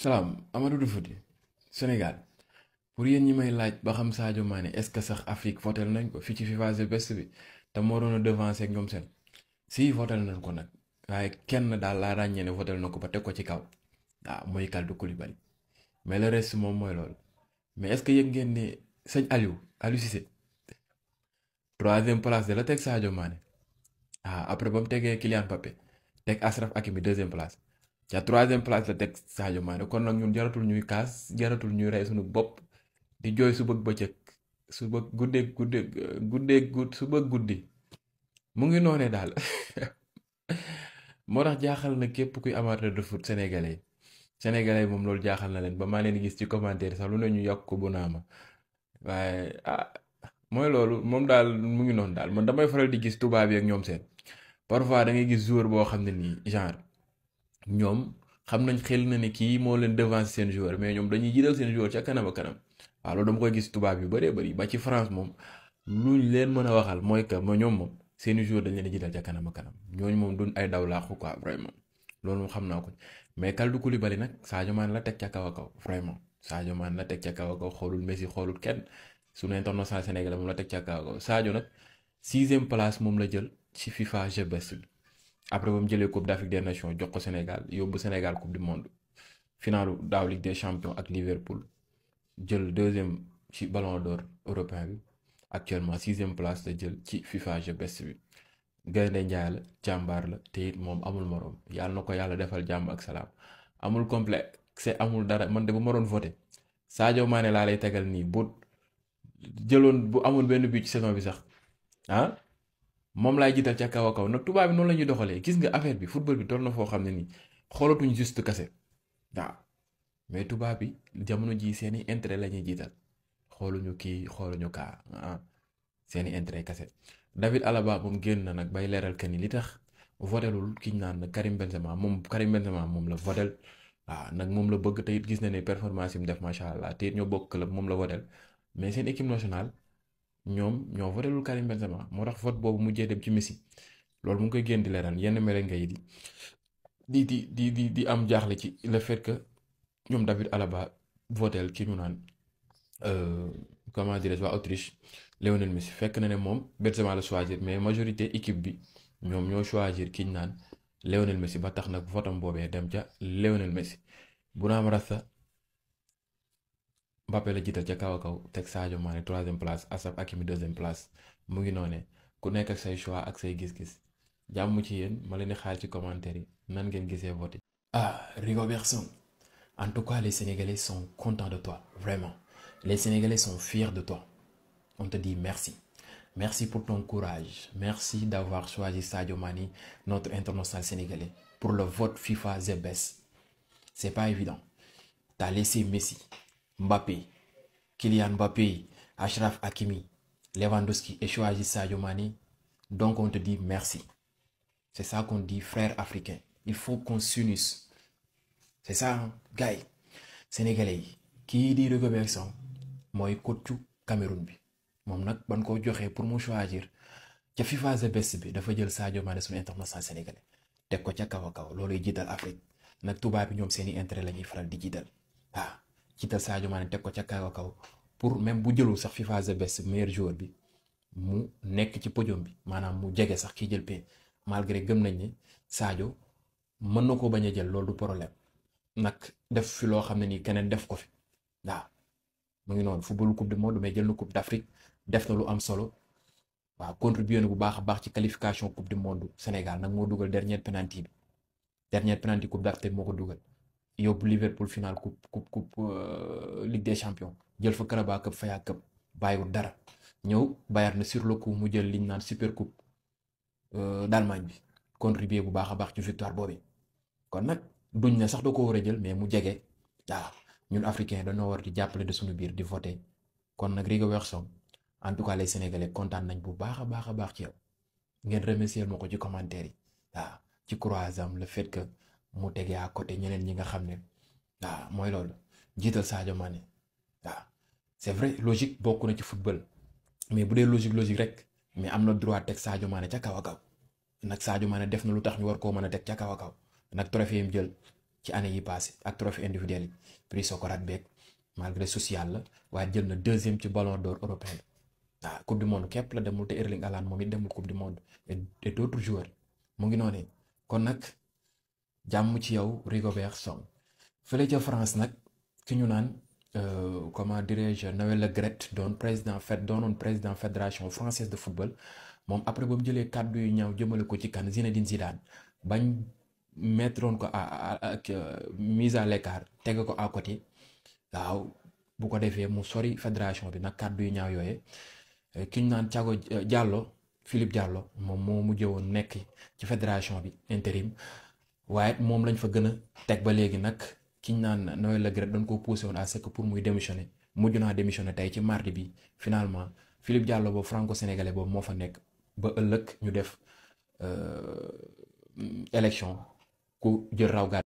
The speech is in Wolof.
salaam Amadou Dufati Sénégal pour yéen ñi may laaj ba xam Sadio Mané est-ce que sax Afrique votel nañ ko fii ci FIFA The Best bi te moo doon a devancer ak ñoom seen si votel nañ ko nag waaye kenn daal laa ràññee ne votel na ko ba teg ko ci kaw ah mooy Kalidou Koulibaly mais le reste moom mooy loolu mais est-ce que yëg ngeen ni sëñ Aliou Aliou Cissé troisième place de la teg Sadio maane ah après ba mu tegee Kylian Mbappé teg Achraf Hakimi deuxième place. ca troisième place la teg Sadio Mané kon nag ñun jaratul ñuy kaas jaratul ñuy rey suñu bopp di jooy su bëgg bëccëg su bëgg guddeeg guddeeg guddeeg su bëgg guddi mu ngi noone daal moo tax jaaxal na képp kuy amateur de foot sénégalais sénégalais moom loolu jaaxal na leen ba maa leen gis ci commentaire sax lu ne ñu yokk ko bu naama waaye ah mooy loolu moom daal mu ngi noonu daal man damay faral di gis tubaab yi ak ñoom seen parfois da ngay gis joueur boo xam ne nii genre. ñoom xam nañ xel na ni kii moo leen devancer seen jour mais ñoom dañuy jiital seen joueur ca kanam a kanam waaw loolu dama koy gis tubaab yu bëree bëri ba ci France moom luñ leen mën a waxal mooy que ma ñoom moom seeni jour dañ leen a jiital ca kanam kanam ñooñu moom dun ay daw laaxu quoi vraiment loolu moom xam naa ko mais Kalidou Koulibaly nag Sadio Mané la teg ca kaw a kaw vraiment Sadio Mané la teg ca kaw a kaw xoolul Messi xoolul kenn suñu international sénégalais moom la teg ca kaw a kaw Sadio place moom la jël ci FIFA après ba mu jëlee coupe d'Afrique des nations jox ko Sénégal yóbbu Sénégal coupe du monde finalu daaw Ligue des champions ak Liverpool jël deuxième ci ballon d'or européen bi actuellement sixième place la jël ci FIFA je best bi gaynde njaay la jàmbaar la te it moom amul moroom yàlla na ko yàlla defal jàmm ak salaam amul complexe amul dara man de bu ma doon voté Sadio Mané laa lay tegal nii bu jëloon bu amul benn but ci saison bi sax ah, moom laay jiital ca kaw a kaw nag tubaab bi noonu la ñuy doxalee gis nga affaire bi football bi toll na foo xam ne nii xoolatuñu juste kase waaw mais tubaab bi jamono ji seeni intérêt la ñuy jiital xooluñu kii xooluñu kaa ah seeni intérêt kase David Alaba moom génn na nag bay leeral que ni li tax votelul ki ñu naan Karim Benzema moom Karim Benzema moom la votel waaw nag moom la bëgg te it gis na ne performance yi mu def macha allah te it ñoo bokk club moom la votel mais seen équipe nationale. ñoom ñoo votelul Karim Benzema moo tax vote boobu mujjee dem ci Messi loolu mu ngi koy génn di leeral yenn merengue yi di di di di am jaaxle ci le fait ñoom David Alaba votel ki ñu naan euh, comment dirais-je waa Autriche Lionel Messi fekk na ne moom Benzema la choisir mais majorité équipe bi ñoom ñoo choisir ki ñu naan Lionel Messi ba tax nag votam boobee dem ca Lionel Messi bu naam rasta Mbappé la jiital ca kaw a kaw teg Sadio Mané troisième place Ashraf Hakimi deuxième place mu ngi noone ku nekk ak say choix ak say gis-gis jàmm ci yéen ma leen di xaar ci commentaire yi nan ngeen gisee vote yi. ah Rigobert Song en tout cas les Sénégalais sont contents de toi vraiment les Sénégalais sont fiers de toi on te dit merci. Merci pour ton courage. Merci d'avoir choisi Sadio Mani, notre international sénégalais, pour le vote FIFA Zebes. C'est pas évident. T'as Mbappé Kylian Mbappé Achraf Hakimi Lewandowski et choisi Sadio Mané donc on te dit merci c'est ça qu'on dit frère africain il faut qu'on s'unisse c'est ça gars yi yi kii di Rigobert mooy coachu Cameroun bi moom nag ban koo joxee pour mu choisir ca FIFA The bi dafa jël Sadio Mané suñu international sénégalais teg ko ca kaw a kaw looluy jiital Afrique nag tubaab bi ñoom seeni intérêt la ñuy faral di jiital ah jiital Sadio Mané teg ko ca kaw a kaw pour même bu jëlul sax FIFA the best meilleur joueur bi mu nekk ci podium bi maanaam mu jege sax kii jël paie malgré gëm nañ ni Sadio mën na ko bañ a jël loolu du problème nag def fi loo xam ne ni keneen def ko fi waaw mu ngi noonu football coupe du monde mais jël na coupe d'Afrique def na lu am solo. waaw contribué na bu baax a baax ci qualification coupe du monde Sénégal nag moo dugal dernier penalty bi dernier penalty coupe d'Afrique moo ko dugal yóbbu Liverpool final coupe coupe coupe euh, Ligue des jël fa Carabao Cup Faya Cup bàyyiwul dara ñëw Bayern na sur le mu jël liñ naan super coupe euh, d'Allemagne bi contribuer bu baax a baax ci victoire boobu kon nag duñ ne sax da ko war a jël mais mu jege waaw ñun africain dañoo war di jàppale de suñu biir di voter kon nag Rigo Wersong en tout cas les sénégalais kontaan nañ bu baax a baax a baax ci yow ngeen remercier ma ko ci commentaire yi waaw ci croisam le fait que. mu tege à côté ñeneen ñi nga xam ne waaw mooy loolu jiital Sadio Mané waaw c'est vrai logique bokk na ci football mais bu dee logique rek mais am na droit teg Sadio Mané ca kaw a kaw nag Sadio Mané def na lu tax ñu war koo mën a teg ca kaw a kaw nag trophée mu jël ci année yi passé ak trophée individuel yi prix Socrates beeg malgré social la waaye jël na deuxième ci ballon d'or européen waaw coupe du monde képp la demul te Erling Haaland moom it demul coupe du monde et d'autres joueurs mu ngi noonee kon nag. jàmm ci yow Rigobert Song fële ca France nag ki ñu naan euh, comment dirais-je Noël Le Graët doon président fed doonoon président fédération française de football moom après ba mu jëlee kàddu yu ñaaw jëmale ko ci kan Zinedine Zidane bañ mettroon ko ak euh, mise à l'écart teg ko à côté waaw bu ko defee mu sori fédération bi nag kàddu yu ñaaw yooye euh, ki ñu naan Thiago Diallo Philippe Diallo moom moo mujje woon nekk ci fédération bi intérim waaye moom lañ fa gën a teg ba léegi nag kiñ naan Noël Le Gret dañ koo poussé woon à ce que pour muy démissionner mujj naa démissionner tey ci mardi bi finalement Philippe Diallo boobu franco-sénégalais boobu moo fa nekk ba ëllëg ñu def euh, élection ku jël raw